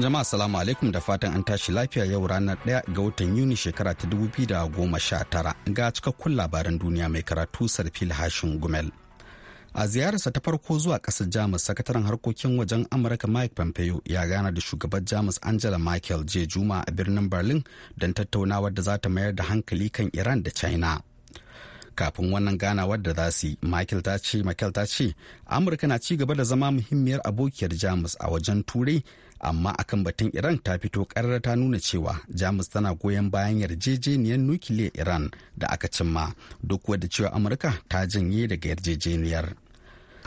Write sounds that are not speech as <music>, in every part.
Jama'a salamu alaikum da fatan an tashi lafiya yau ranar ɗaya ga watan Yuni shekara ta dubu biyu da goma sha tara ga cikakkun labaran duniya mai karatu Sarfil Hashin Gumel. A ziyararsa ta farko zuwa ƙasar Jamus sakataren harkokin wajen Amurka Mike Pompeo ya gana da shugaban Jamus Angela Merkel je Juma a birnin Berlin don tattaunawar da za ta mayar da hankali kan Iran da China. kafin wannan ganawar da za su yi ta ce ta ce amurka na ci gaba da zama muhimmiyar abokiyar jamus a wajen turai amma akan batun iran ta fito karara ta nuna cewa jamus tana goyon bayan yarjejeniyar nukiliyar iran da aka cimma duk wadda cewa amurka ta janye daga yarjejeniyar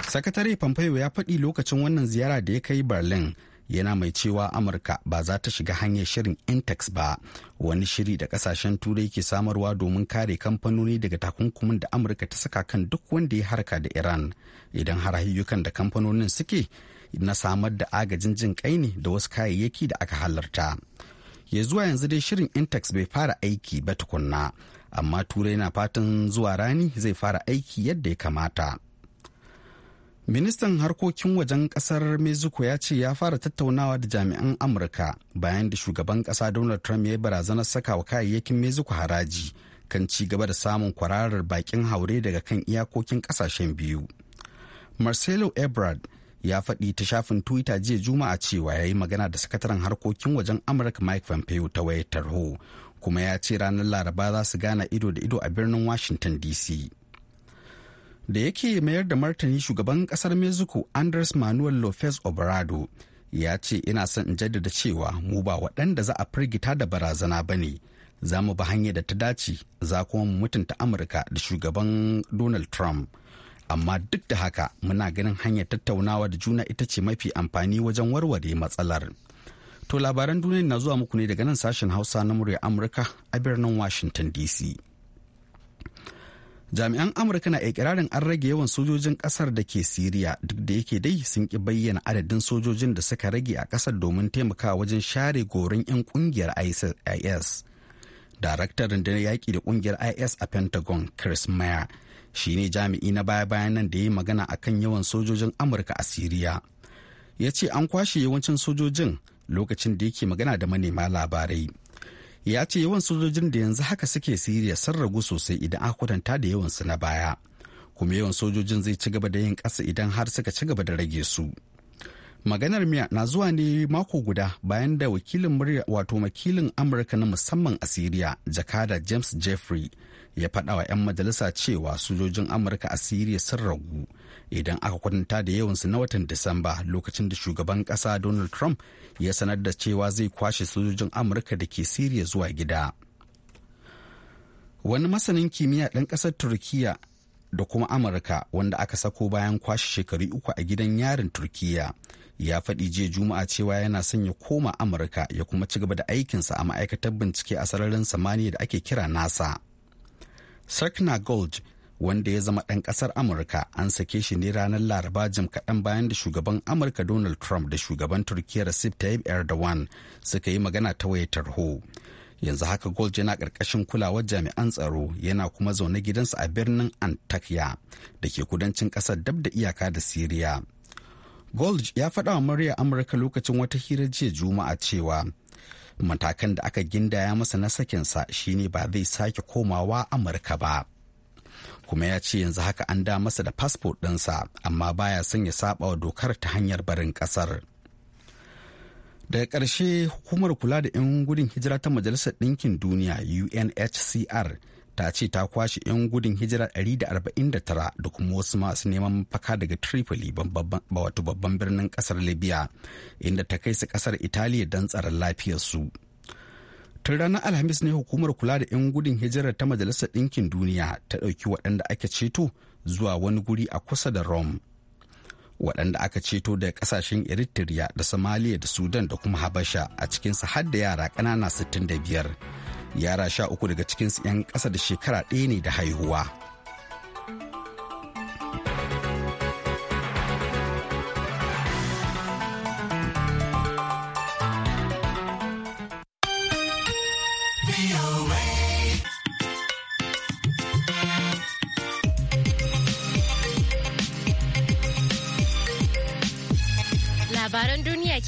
sakatare pompeo ya faɗi lokacin wannan ziyara da ya kai berlin yana mai cewa amurka ba za ta shiga hanyar shirin intex ba wani shiri da kasashen turai ke samarwa domin kare kamfanoni daga takunkumin da amurka ta saka kan duk wanda ya harka da iran idan har da kamfanonin suke na samar da agajin jin kai ne da wasu kayayyaki da aka halarta ya zuwa yanzu dai shirin intex bai fara aiki ba tukunna amma turai na fatan zuwa rani zai fara aiki yadda ya kamata ministan harkokin wajen kasar mexico ya ce ya fara tattaunawa da jami'an amurka bayan da shugaban kasa donald trump ya yi barazanar saka wa kayayyakin mexico haraji kan ci gaba da samun kwararar bakin haure daga kan iyakokin kasashen biyu marcelo ebrard ya faɗi ta shafin twitter jiya juma'a cewa ya yi magana da sakataren harkokin wajen amurka mike pompeo ta wayar tarho kuma ya ce ranar laraba za su gana ido da ido a birnin washington dc da yake mayar da martani shugaban kasar mexico andres manuel lopez obrado ya ce ina son in jaddada cewa mu ba waɗanda za a firgita da barazana ba ne za mu ba hanyar da ta dace za kuma mu mutunta amurka da shugaban donald trump amma duk da haka muna ganin hanyar tattaunawa da juna ita ce mafi amfani wajen warware matsalar to labaran duniya na zuwa muku ne daga nan sashen hausa na murya amurka a birnin washington dc jami'an amurka na ikirarin an rage yawan sojojin kasar da ke siriya duk da yake dai sun ki bayyana adadin sojojin da suka rage a kasar domin taimakawa wajen share gorin 'yan kungiyar is daraktar rundunar yaƙi da kungiyar is a pentagon chris mayer Shi ne jami'i na baya-bayan nan da ya yi magana a kan yawan sojojin amurka a siriya ya ce an kwashe yawancin sojojin lokacin da yake magana da manema labarai ya ce yawan sojojin da yanzu haka suke siriya sun ragu sosai idan aka kwatanta da yawansu na baya kuma yawan sojojin zai ci gaba da yin ƙasa idan har suka ci gaba da rage su maganar miya na zuwa ne mako guda bayan da wakilin murya wato wakilin amurka na musamman a siriya jakada james jeffrey ya faɗa wa 'yan majalisa cewa sojojin amurka a siriya sun ragu idan aka kwatanta da yawansu na watan disamba lokacin da shugaban ƙasa donald trump ya sanar da cewa zai kwashe sojojin amurka da ke siriya zuwa gida wani masanin kimiyya ɗan ƙasar turkiya da kuma amurka wanda aka sako bayan kwashe shekaru uku a gidan yarin turkiya ya faɗi jiya juma'a cewa yana son ya koma amurka ya kuma ci gaba da aikinsa a ma'aikatar bincike a sararin samaniya da ake kira nasa sakna gold wanda ya zama ɗan ƙasar amurka an sake shi ne ranar laraba jim kaɗan bayan da shugaban amurka donald trump da shugaban turkiyya recep tayyip erdogan suka yi magana ta waye tarho yanzu haka gold yana ƙarƙashin kulawar jami'an tsaro yana kuma zaune gidansa a birnin antakya da ke kudancin ƙasar dab da iyaka da siriya gold ya faɗa wa murya amurka lokacin wata hira jiya juma'a cewa matakan da aka gindaya masa na sakinsa shine ba zai sake komawa amurka ba kuma ya ce yanzu haka an da masa da fasfo ɗinsa amma baya son ya saba wa dokar ta hanyar barin ƙasar daga ƙarshe hukumar kula da 'yan gudun hijira ta majalisar ɗinkin duniya unhcr ta ce ta kwashe 'yan gudun hijira 149 da kuma wasu masu neman mafaka daga tripoli wato babban birnin kasar libya inda ta kai su kasar italiya don tsaron lafiyarsu tun ranar alhamis ne hukumar kula da 'yan gudun hijirar ta majalisar ɗinkin duniya ta ɗauki waɗanda aka ceto zuwa wani guri a kusa da rome waɗanda aka ceto daga ƙasashen eritrea da somalia da sudan da kuma habasha a cikinsu har da yara ƙanana 65 yara sha uku daga cikinsu 'yan ƙasa da shekara ɗaya ne da haihuwa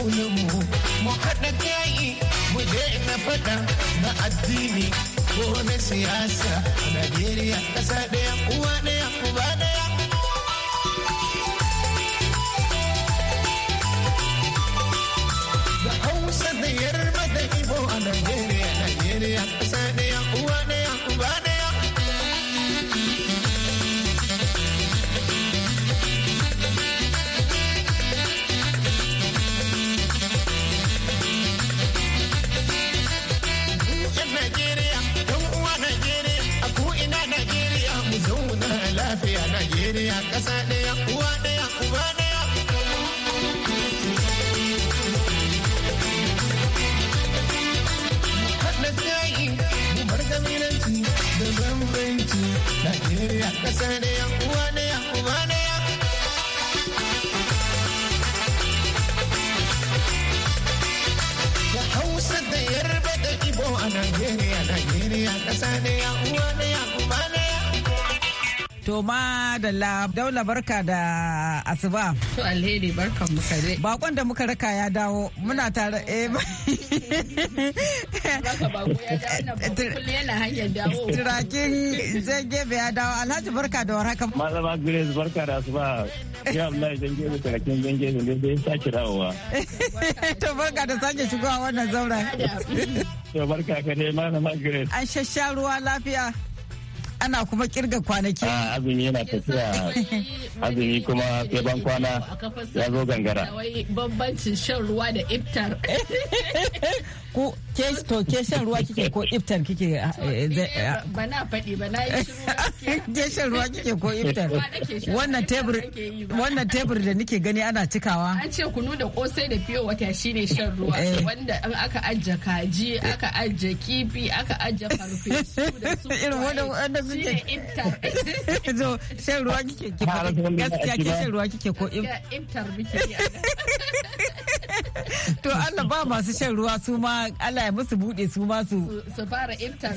junanmu mu haɗa kayi mu daina faɗa na addini ko na siyasa a Najeriya ƙasa ɗaya uwa ɗaya uba ɗaya. Da Hausa da Yarba da Ibo a Najeriya, Najeriya To ma da la daula barka da asuba. To alheri barkan mu kare. Bakon da muka raka ya dawo muna tare eh Baka bako ya dawo yana hanyar dawo. Turakin jangebe ya dawo Alhaji barka da warhaka. Malama Grace barka da asuba. Ya Allah gebe turakin gebe ne sai sake dawowa. <laughs> To barka da sake shigowa wannan zaura. To barka ka ne malama Grace. An shashsha lafiya. ana kuma kirga kwanaki ah, azumi yana tafiya azumi kuma sai ban kwana ya zo gangara bambancin shan ruwa da iftar <laughs> ko ke to ke shan ruwa kike ko iftar kike eh, eh, ba na faɗi ba na yi shiru <laughs> ke shan ruwa kike ko iftar wannan tebur wannan tebur da nike gani ana cikawa an ce kunu da kosai da fiyo wata shine shan ruwa eh. wanda an aka ajja kaji aka ajja kifi aka ajja farfesu da su <laughs> irin wanda wanda suke iftar <laughs> zo shan ruwa kike gaskiya ke shan ruwa kike ko iftar biki to Allah ba masu shan ruwa su ma Allah ya musu bude su ma su su fara iftar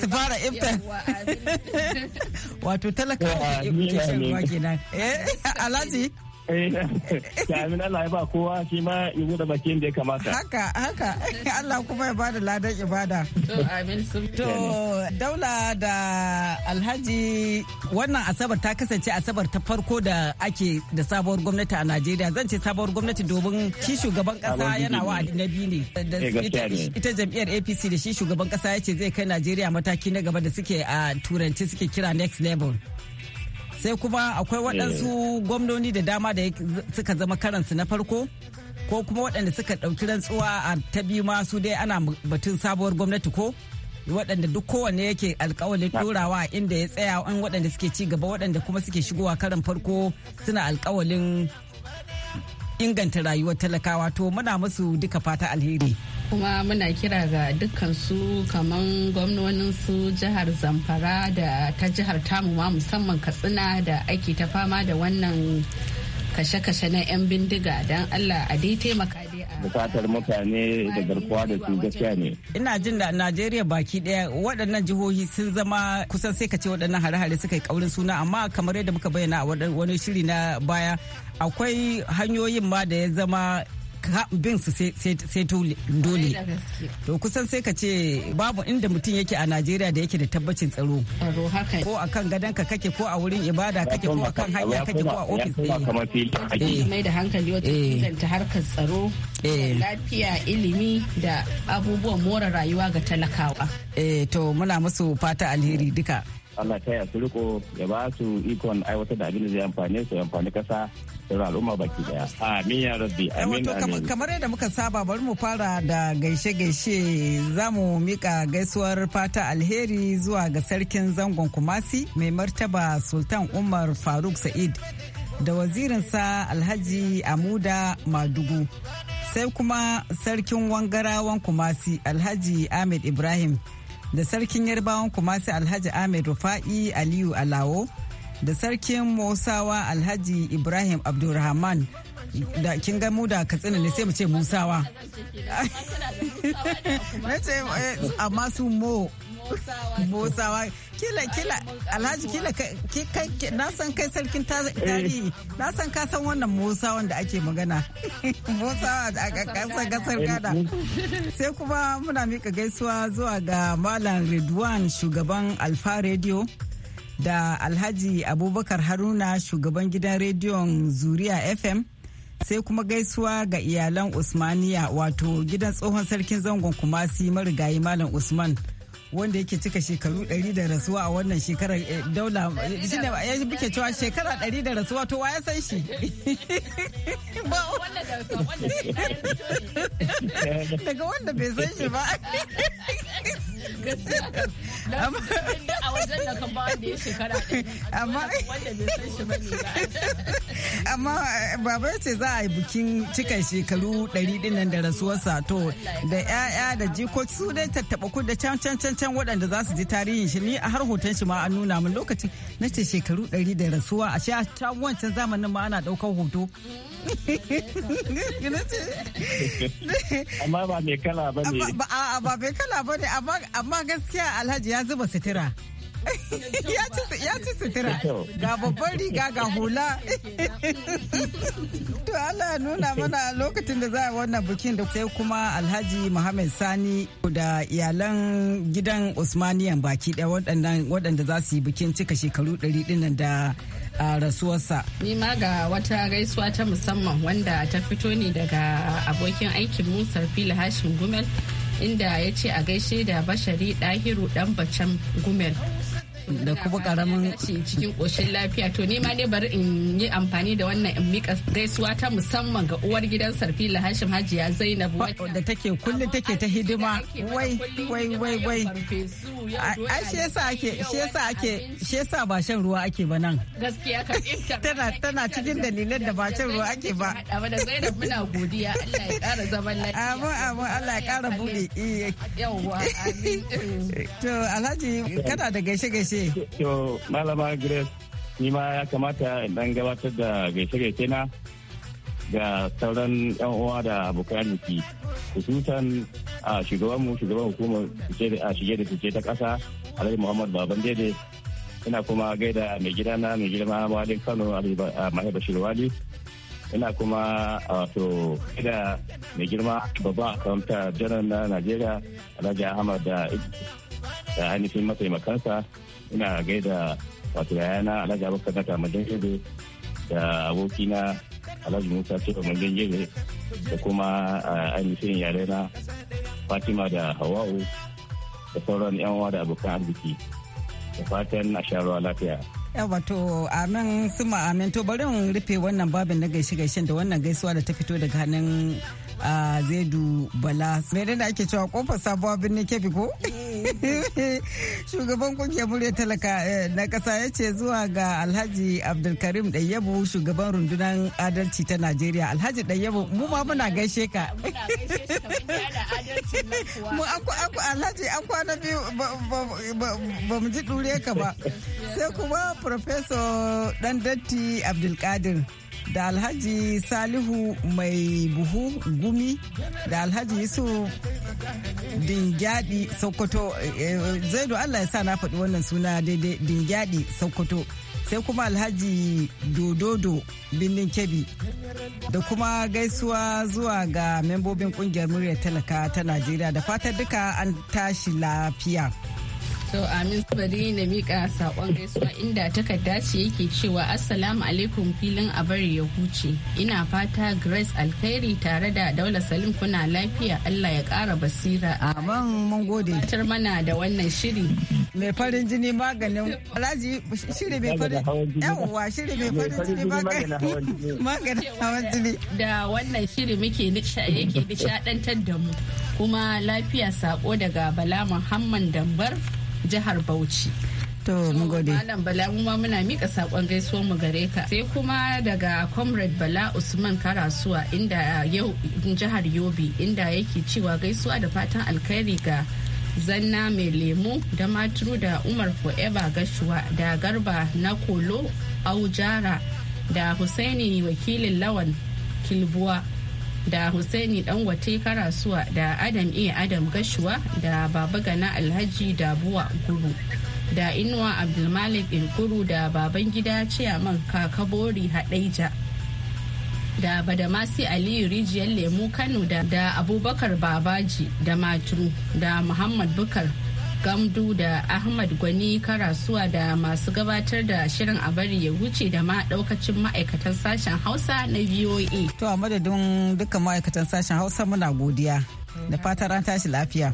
<laughs> wato talakawa ne ke shan ruwa kenan eh <laughs> alhaji Eh, <laughs> amin Allah ya ba kowa shi ma ya bakin da ya kamata. Haka haka <laughs> Allah kuma ya ba da ladan ibada. To amin To daula da Alhaji wannan asabar ta kasance asabar ta farko da ake da sabuwar gwamnati a Najeriya zan ce sabuwar gwamnati domin shi shugaban kasa yana wa na biyu ne. Eh, ita jam'iyyar APC da shi shugaban kasa ya ce zai kai Najeriya mataki na gaba da suke a turanci suke kira next level. sai kuma akwai waɗansu eh. gwamnoni da dama da suka zama karansu na farko ko kuma waɗanda suka ɗauki rantsuwa a ta biyu ma su dai ana batun sabuwar gwamnati ko waɗanda duk kowanne yake alkawalin ɗorawa inda ya tsaya an waɗanda suke ci gaba waɗanda kuma suke shigowa karan farko suna alkawalin inganta rayuwar talakawa to muna musu duka fata alheri. kuma muna kira ga dukkan su kaman gwamnonin su jihar zamfara da ta jihar tamu ma musamman katsina da aiki ta fama da wannan kashe-kashe na 'yan bindiga don allah a dai taimaka dai a bukatar mutane da garkuwa da su gaskiya ne ina jin da najeriya baki daya waɗannan jihohi sun zama kusan sai ka ce waɗannan hare-hare suka yi kaurin suna amma kamar yadda muka bayyana a wani shiri na baya akwai hanyoyin ma da ya zama bin su sai dole to kusan sai ka ce babu inda mutum yake a najeriya da yake da tabbacin tsaro ko a kan gadon ka kake ko a wurin ibada kake ko a kan hanya kake ko a ofis ɗaya eh. mai da hankali wata eh. inganta harkar tsaro eh. lafiya ilimi da abubuwan more rayuwa ga talakawa to muna musu fata alheri duka Allah ta su riko ya ba su ikon aiwatar da abin da zai amfane su amfani kasa da al'umma baki daya. Amin ya rabbi. Eh, amin amin. Kamar yadda muka saba bari mu fara da gaishe-gaishe za mu mika gaisuwar fata alheri zuwa ga sarkin zangon Kumasi mai martaba Sultan Umar Faruk Sa'id da wazirinsa Alhaji Amuda Madugu. Sai kuma sarkin wangarawan Kumasi Alhaji Ahmed Ibrahim. da sarkin yarbawan kumasi alhaji ahmed rufa'i aliyu alawo da sarkin musawa alhaji ibrahim abdulrahman da kin ga da katsina ne sai mu ce musawa <laughs> eh, amma su mo motsawa kila kila alhaji kila kai na san kai sarkin eh. tarihi na san ka san wannan motsawan da ake magana motsawa a kasar kasar gada sai kuma muna mika gaisuwa zuwa ga malam redwan shugaban alfa radio da alhaji abubakar haruna shugaban gidan rediyon zuriya fm sai kuma gaisuwa ga iyalan usmaniya wato gidan tsohon sarkin zangon kumasi marigayi malam usman wanda yake cika shekaru 100 da rasuwa a wannan shekarar eh, daula shi ne ya buke cewa shekara 100 da rasuwa to wa ya san shi <laughs> daga wanda bai san shi ba <laughs> amma wanda amma eh, baba ce za a yi bikin cikin shekaru 100 din nan da rasuwarsa to da yaya da jikoki su dai tattaba ku da can can can can waɗanda za su ji tarihin shi ni a har hoton shi ma an nuna min lokacin na ce shekaru 100 da rasuwa a sha wancan zamanin ma ana ɗaukar hoto <laughs> amma ba mai kala ba ne ba mai kala ba ne amma amma gaskiya alhaji ya zuba sutura <laughs> ya ci sutura ga babban riga ga hula <laughs> to Allah ya nuna mana lokacin da za a wannan bikin da sai kuma alhaji Muhammad Sani da iyalan gidan Usmaniyan baki ɗaya waɗanda za su yi bikin cika shekaru ɗari ɗinan da a rasuwarsa. Ni ma ga wata gaisuwa ta musamman wanda ta fito ne daga abokin aikin Musa fili Hashim Gumel inda ya ce a gaishe da bashari ɗahiru ɗan bacan gumel da kuma karamin cikin koshin lafiya to ni ma ne bari in yi amfani da wannan in mika gaisuwa ta musamman ga uwar gidan sarfila hashim hajiya zainab da take kullum take ta hidima wai wai wai wai ai shi yasa ake shi yasa ake shi yasa ba shan ruwa ake ba nan gaskiya ka <laughs> tana tana cikin dalilan da ba shan ruwa ake ba da zainab muna godiya Allah ya kara zaman lafiya amma amma Allah ya kara bude yawwa to alhaji kana da gaishe gaishe ce? To, Malama Grace, ni ma ya kamata dan gabatar da gaishe-gaishe na ga sauran 'yan uwa da abokan arziki. Hususan a shugabanmu, shugaban hukumar shige da fice ta ƙasa, Alhaji Muhammad Baban Dede. Ina kuma gaida mai gida na mai girma Walin Kano, Alhaji Mahaifar wali ina kuma wato gaida mai girma a akamta janar na najeriya alhaji ahmad da ainihin mataimakansa ina gaida wato yayana alhaji abubakar na tamadin jirgin da abokina alhaji musa ce tamadin jirgin da kuma ainihin yarena fatima da hawa'u da sauran yan uwa da abokan arziki da fatan a sha ruwa lafiya wato amin suma amin to bari in rufe wannan babin na gaishe gaishen da wannan gaisuwa da ta fito daga hannun zaidu bala mai da ake cewa kofar sabuwa birnin kefi ko eh, <laughs> Shugaban kungiyar murya talaka eh, na kasa ya ce zuwa ga Alhaji Abdulkarim Ɗayyabu shugaban rundunar adalci ta Najeriya. Alhaji Ɗayyabu mu ma muna gaishe ka. Mu Alhaji an kwana biyu ba mu ji ɗure ka ba. <laughs> Sai kuma Professor datti Abdulkadir. da alhaji salihu mai buhu gumi da alhaji isu dingyadi sokoto eh, zaidu allah ya sa na faɗi wannan suna daidai dingyadi sokoto sai kuma alhaji dododo birnin kebi da kuma gaisuwa zuwa ga membobin kungiyar muryar talaka ta najeriya da fatar duka an tashi lafiya To amin bari na mika sakon gaisuwa inda takarda ce yake cewa assalamu alaikum filin a bari ya huce. Ina fata Grace Alkhairi tare da Daula Salim kuna lafiya Allah ya kara basira. Amin mun gode. Fatar mana da wannan shiri. Mai farin jini maganin Alhaji shiri mai farin yawwa shiri mai farin jini maganin hawan jini. Da wannan shiri muke yake nishadantar da mu. Kuma lafiya sako daga Bala Muhammad Dambar jihar Bauchi. To mun gode. Malam Bala mu ma muna mika saƙon gaisuwar mu gare ka. Sai kuma daga Comrade Bala Usman Karasuwa inda yau jihar Yobe inda yake cewa gaisuwa da fatan alkhairi ga zanna mai lemu da maturu da umar forever gashuwa da garba na kolo aujara da husaini wakilin lawan kilbuwa da Husaini wate Karasuwa da Adam e Adam Gashuwa da Baba Gana Alhaji da Dabuwa Guru. da Inuwa Abdulmalik Ilkuru da baban Babangida Ciyaman Kakabori hadaija da badamasi aliyu rijiyar lemu kano da, da abubakar babaji da maturu da muhammad bukar gamdu da ahmad gwani karasuwa da masu gabatar da shirin a bari ya wuce da ma daukacin ma'aikatan sashen hausa na voa to a madadin dukkan ma'aikatan sashen hausa muna godiya da fatar ran tashi lafiya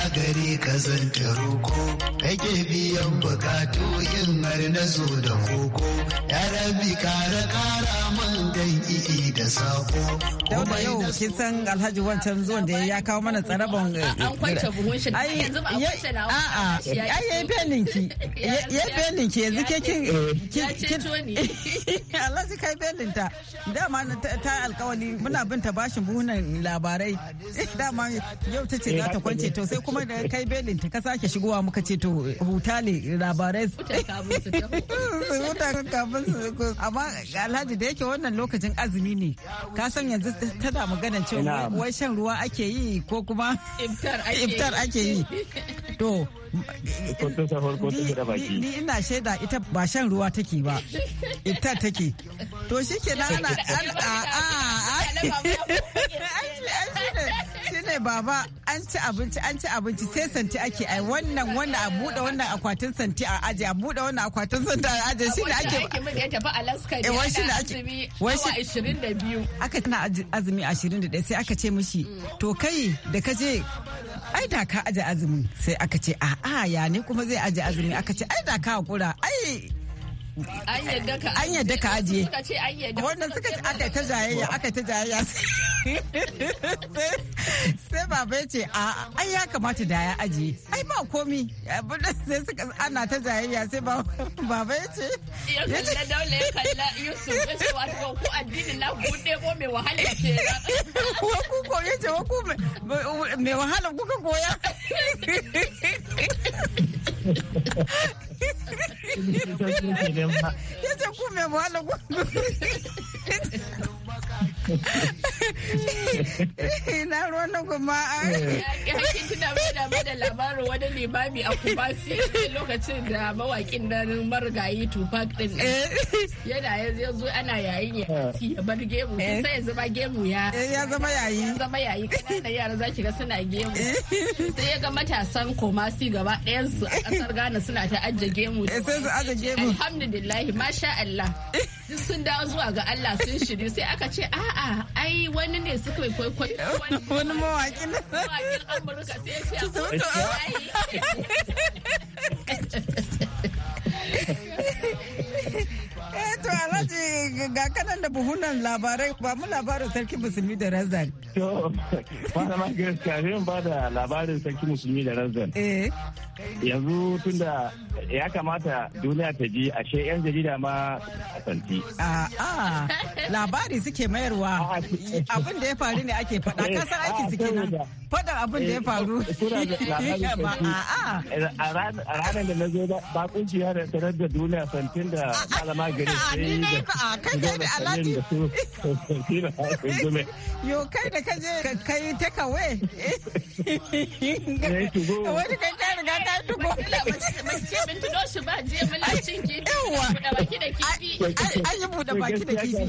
Allah gare ka zanta roko kake biyan bukatu yin har na zo da koko ya rabi kara kara man dan i'i da sako kuma yau kin san Alhaji wancan zuwan da ya kawo mana tsaraban eh, an kwance eh, buhun shi yanzu a a ai yayi benin ki <laughs> yayi benin ki yanzu ke kin kin <laughs> Alhaji kai benin ta dama ta alkawali muna bin ta bashin buhunan labarai <laughs> dama yau tace za ta kwance to sai kuma da kai belin ta ka sake shigowa muka ce to huta ne labarai huta kafin su <laughs> amma alhaji da yake wannan lokacin azumi ne ka san yanzu tana magana cewa wai shan ruwa ake yi ko kuma iftar ake yi to ni ina shaida ita ba shan ruwa take ba iftar take to na ana a a a <laughs> ne baba an ci abinci an ci abinci sai santi ake ai wannan wanda a bude wannan akwatin santi a aje a bude wannan akwatin santi a aje shi ne ake ake mun ya tafi Alaska ne eh, wai shi ne ake wai shi 22 aka tana azumi 21 sai aka ce mishi to kai da ka je ai da ka aje azumi sai aka ce a'a ya ne kuma zai aje azumi aka ce ai da ka hakura ai an yadda ka an yadda ajiye suka wannan suka ce aka ta jayayya aka ta jayayya <laughs> sai baba ya ce a ai ya kamata da ya ajiye ai ba komi sai suka ana ta jayayya sai baba ya ce ya kalla daula ya kalla yusuf ya ce wato ku addini na ku ko me wahala ce ku ko ya ce waku me wahala kuka koya ya ce ku mai wahala ku wannan kuma ai eh. kin tuna mai da da labarin wani limami a Kumasi <laughs> lokacin da mawakin nan marigayi Tupac din eh. yana ya zo ana yayin ya ah. ya bar gemu eh. sai ya zama gemu ya ya zama yayi ya zama yayi kananan yara zaki ga suna gemu sai ya ga matasan Kumasi gaba ɗayan su a ƙasar Ghana suna ta ajiye gemu sai su ajje gemu alhamdulillah masha Allah sun dawo zuwa ga Allah sun shiri sai aka ce a'a ai wani ne suka yi kwaikwayo wani mawakin mawakin Amurka sai ya ce <laughs> Alhaji ga kanan da buhunan labarai ba mu labarin sarki musulmi da razan. To, fara ma gaskiya zai ba da labarin sarki musulmi da razan. Eh. Yanzu tun da ya kamata duniya ta ji ashe 'yan jarida ma a santi. labari suke mayarwa. Abin da ya faru ne ake faɗa, eh, kasar aiki suke nan. Faɗa abin da ya eh, faru. <laughs> A ranar da na zo ba kungiya da sanar da duniya santin da malama gari. kai da kai kai da alhaji yo kai da ka je ka take away wani kai ka riga ka tugo ce bin tudo shi ba je mun cin kifi yawa baki da kifi an yi bude baki da kifi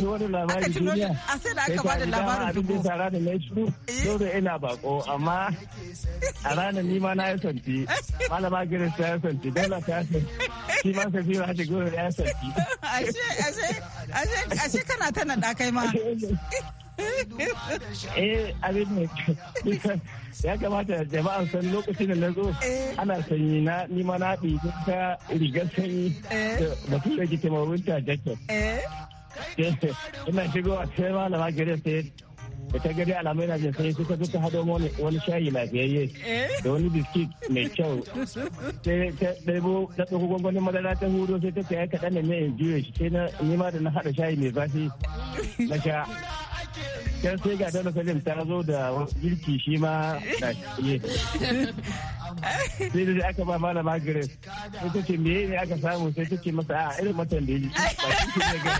aka tudo a sai da aka bada labarin da mai shiru yau eh. da ina bako amma a ranar ni ma na yi santi malama ta yi santi dole ta santi shi ma sai fi ya santi <laughs> ashe ashe ashe kana ta naɗa kai ma eh abin ne ya kamata jama'a san lokacin da na zo eh. ana sanyi na nima na ɗi ta rigar sanyi eh. da mutum da ke taimakon ta jacket eh. ina shigowa sai malama gare sai da ta gari alamai na jin sai suka ta hado wani shayi lafiyayye eh? da wani biskit mai kyau sai ta ɗaibo ta ɗauko gwangwanin madara ta hudo sai ta kaya kaɗan da mai juya shi sai na nima da na haɗa shayi mai zafi na sha can sai ga dala salim ta zo da girki shi ma na shi sai da aka ba malama margaret sai ta ce me ne aka samu sai ta ce masa a irin matan da ya ji <laughs> ba shi ne ga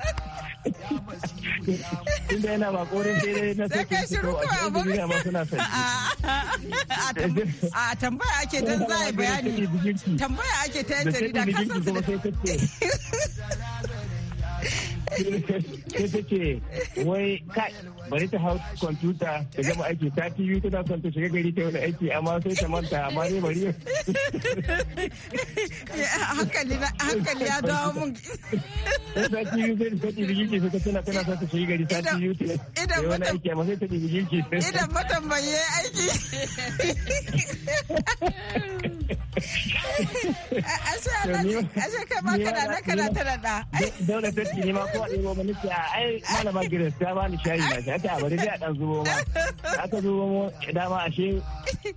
tunda yana ba sai na sai kai shiru ko a tambaya ake dan za a bayani tambaya ake ta yadda da kasan <laughs> sai ta ce wai kai bari ta hau kwamfuta ta gama aiki ta tv tana son ta shiga gari ta wani aiki amma sai ta manta amma ne bari eh, hankali hankali ya dawo mun ta sai ta sai ta tana tana son ta shiga gari ta ta wani aiki amma sai ta idan aiki <laughs> Ashe kai ma kana na kana ta nada. Dole ta ci ma ko a ɗigo ba nake ai malama Grace ta bani shayi na ta ta bari dai a ɗan zubo ma. Aka zubo mu dama ashe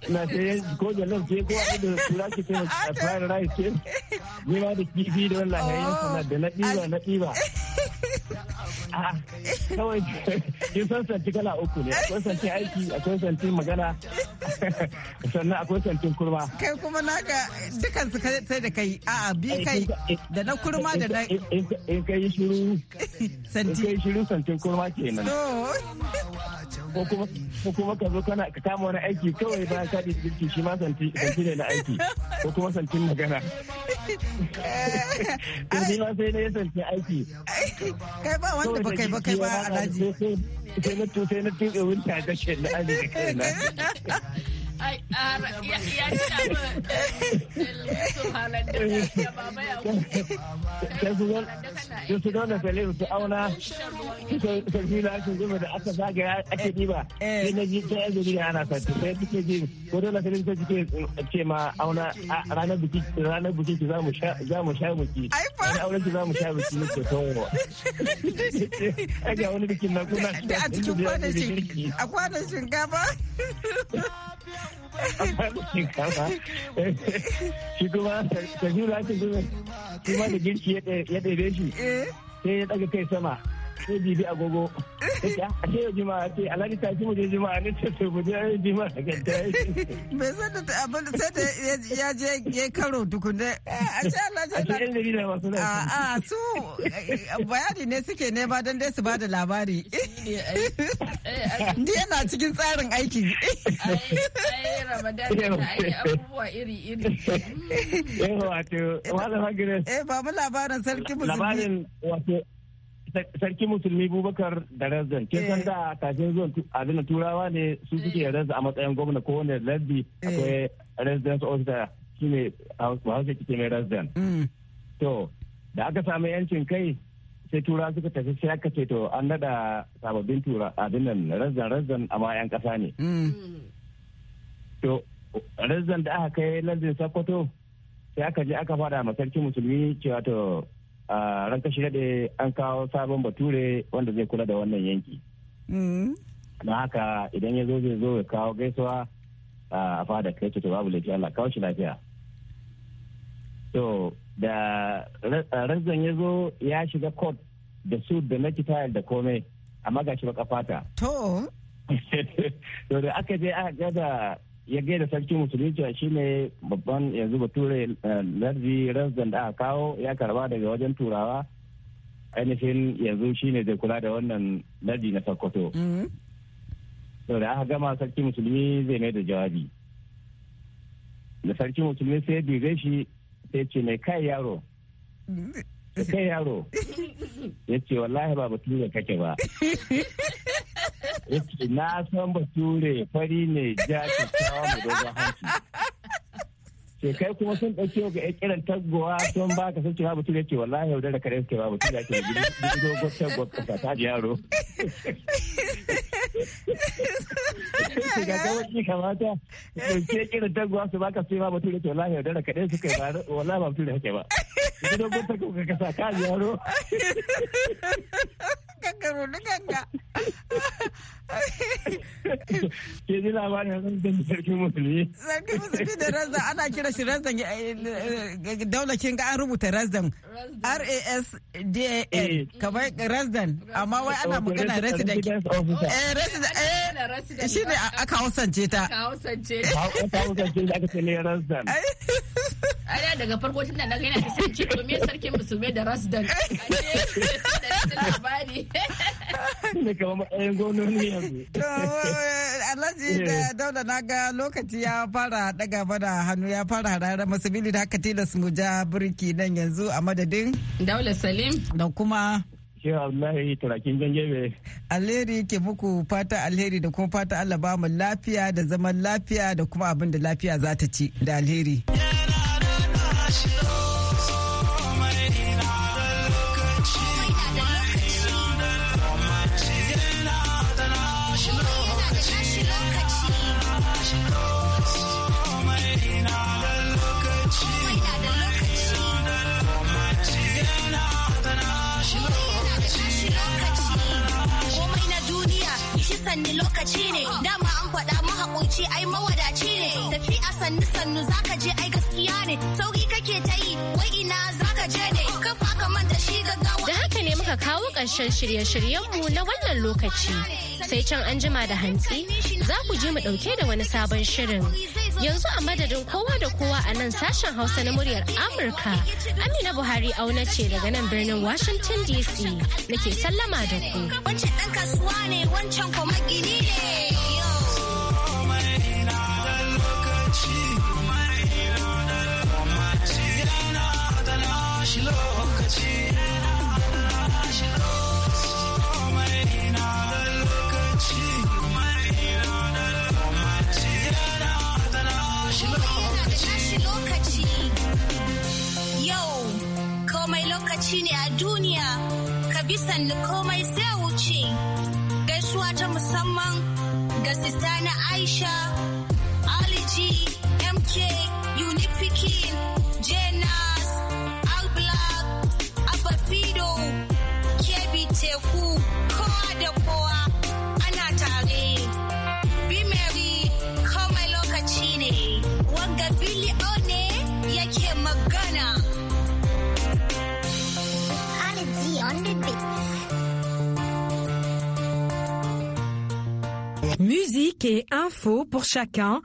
na sai ko jallar ce ko a ɗigo tura ki ce fried rice Ni ma da kifi da wallahi yayin oh, sanar da na diba na diba. <laughs> kawai kin san santi kala uku ne akwai santi aiki akwai santi magana <laughs> sannan akwai santi kurma kai kuma naka dukan su sai da kai a bi kai da na kurma da na in kai <laughs> shiru santi in kai shiru santin kurma kenan ko kuma ko kuma ka zo kana ka kama wani aiki kawai ba ka dinga girki shi ma santi santi ne na aiki ko kuma santin magana ko eh. ni ma sai ne santi aiki kai ba wanda ba kai ba kai ba alaji sai na tu sai na tuke wuta gashin da aji kai na <laughs> sai su zauna saliru su auna sarfi na shi da aka zagaya ake diba sai na ji ta yanzu ne ana santi sai ji ko dole ta ce ma auna ranar ranar ki za mu sha ai ki za mu sha ne ke tonwa bikin na kuna a cikin kwanan shinkafa <laughs> shinkafa <laughs> shi kuma ta jula ta jula shi ma <laughs> da girki ya ɗebe shi eh. sai ya ɗaga kai sama sai jibi agogo a ce juma'a ce alhaji ta ji muje juma'a ne ce to muje juma'a da ganta bai san da abin sai da ya je ya karo tukunde? Eh, a ce alhaji a ce da a ah, ah, su eh, bayani ne suke ne ba don dai su ba da labari eh, ni yana cikin tsarin aiki ai ramadan da ai abubuwa iri iri eh wato wala magana eh babu labarin sarki musulmi labarin wato sarki musulmi bubakar da razan ke san eh. da kafin zuwan adina turawa ne su suke eh. razza a matsayin gwamna ko wani lardi eh. akwai residence officer shi ne hausa kike mai razan mm. to da aka samu yancin kai sai tura suka tafi sai aka ce to an nada sababbin tura adinan razzan razan amma yan kasa ne mm. Mm. to razzan da aka kai lardin sokoto sai aka je aka fada ma sarki musulmi cewa to Ranka kashi daɗe an kawo sabon bature wanda zai kula da wannan yanki. Mm. Na haka idan ya zo zai zo ya kawo gaisuwa a fada kai ce to babu laifi Allah kawo shi lafiya. To da ranzan ya zo ya shiga kot da su da na kitayar da komai amma ga shi baka fata. To. <laughs> To da aka je aka ga ya gaida sarki musulunci shi ne babban yanzu bature eh, lardi rasdan da aka kawo ya karba daga wajen turawa ainihin yanzu shi ne zai kula da wannan lardi na sokoto mm-hmm. to da aka gama sarki musulmi zai mai da jawabi da sarki musulmi sai dire shi sai ce mai kai yaro mm-hmm. kai yaro <laughs> ya ce wallahi ba bature kake ba <laughs> na san bature fari ne ja kawo mu dogon hanci. Ke kai kuma sun ɗauke ga ya kiran taggowa sun ba ka sun cewa bature ce wallahi yau da kare suke ba bature ce gudu dogon taggowa kasa ta ji yaro. Ga gawaci kamata kiran taggowa ba ka sun ba ce wallahi yau kare suke ba wallahi ba ba. dogon ta ji yaro. Ke labarin sarkin musulmi. Sarki musulmi da Razdan ana kira shi razan eh, eh, eh, daula kin ga an rubuta Razdan. R-A-S-D-A-N kamar Razdan amma wai ana magana resident. Eh shi ne aka hausance ta. Aka hausance ta. Aka hausance ta aka ce ne razan. daga farko tun da na gaina ta sarki domin sarkin musulmi da razan. Ake <laughs> <laughs> ne kamar yanzu. <laughs> Alhaji eh. da Dauda na ga lokaci ya fara daga mana hannu ya fara harara masabili da haka tilas mu ja birki nan yanzu a madadin. Daula Salim. Da kuma. Turakin Alheri ke muku fata alheri da kuma fata Allah ba mu lafiya da zaman lafiya da kuma abin da lafiya za ta ci da alheri. sanni lokaci ne dama an faɗa mahaƙoci ai mawadaci ne tafi a sannu sannu zaka je ai gaskiya ne sauki kake ta yi wai ina zaka je ne kafa ka manta shi gaggawa da haka ne muka kawo ƙarshen shirye-shiryenmu na wannan lokaci sai can an jima da hantsi za ku je mu ɗauke da wani sabon shirin. Yanzu a madadin kowa da kowa a nan sashen Hausa na muryar Amurka, Amina Buhari auna ce daga nan birnin Washington DC ke sallama da ku. Wancan kasuwa musique et info pour chacun